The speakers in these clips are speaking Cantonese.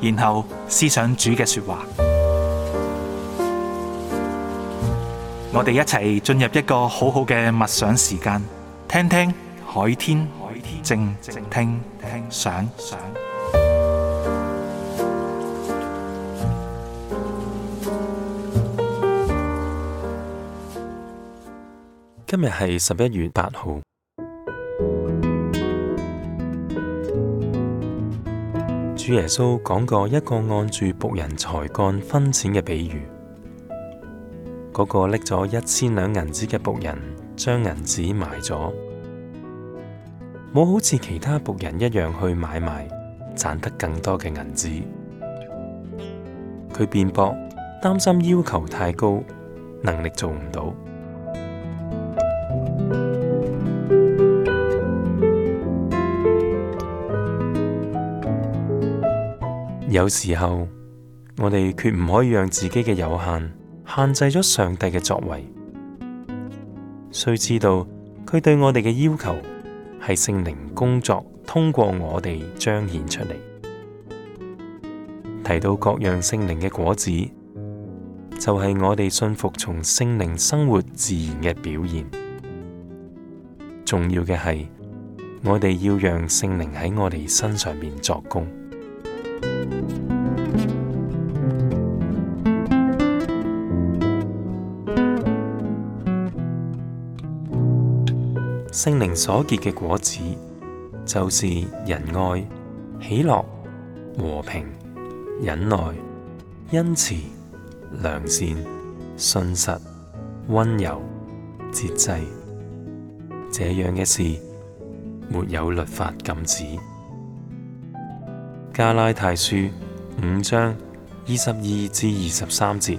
然後思想主嘅說話，我哋一齊進入一個好好嘅默想時間，聽聽海天靜聽想。今日係十一月八號。主耶穌講過一個按住僕人才幹分錢嘅比喻，嗰個拎咗一千兩銀子嘅僕人將銀子買咗，冇好似其他僕人一樣去買賣賺得更多嘅銀子。佢辯駁，擔心要求太高，能力做唔到。有時候我哋絕唔可以讓自己嘅有限限制咗上帝嘅作為，需知道佢對我哋嘅要求係聖靈工作通過我哋彰顯出嚟。提到各樣聖靈嘅果子，就係、是、我哋信服從聖靈生活自然嘅表現。重要嘅係我哋要讓聖靈喺我哋身上面作工。聖靈所結嘅果子，就是仁愛、喜樂、和平、忍耐、恩慈、良善、信實、溫柔、節制。這樣嘅事，沒有律法禁止。加拉太書五章二十二至二十三節。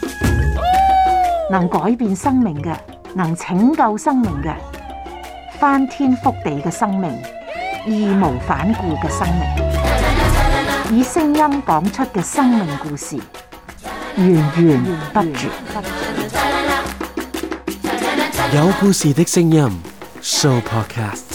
能改變生命嘅，能拯救生命嘅，翻天覆地嘅生命，義無反顧嘅生命，以聲音講出嘅生命故事，源源不絕。有故事的聲音，Sooo Podcast。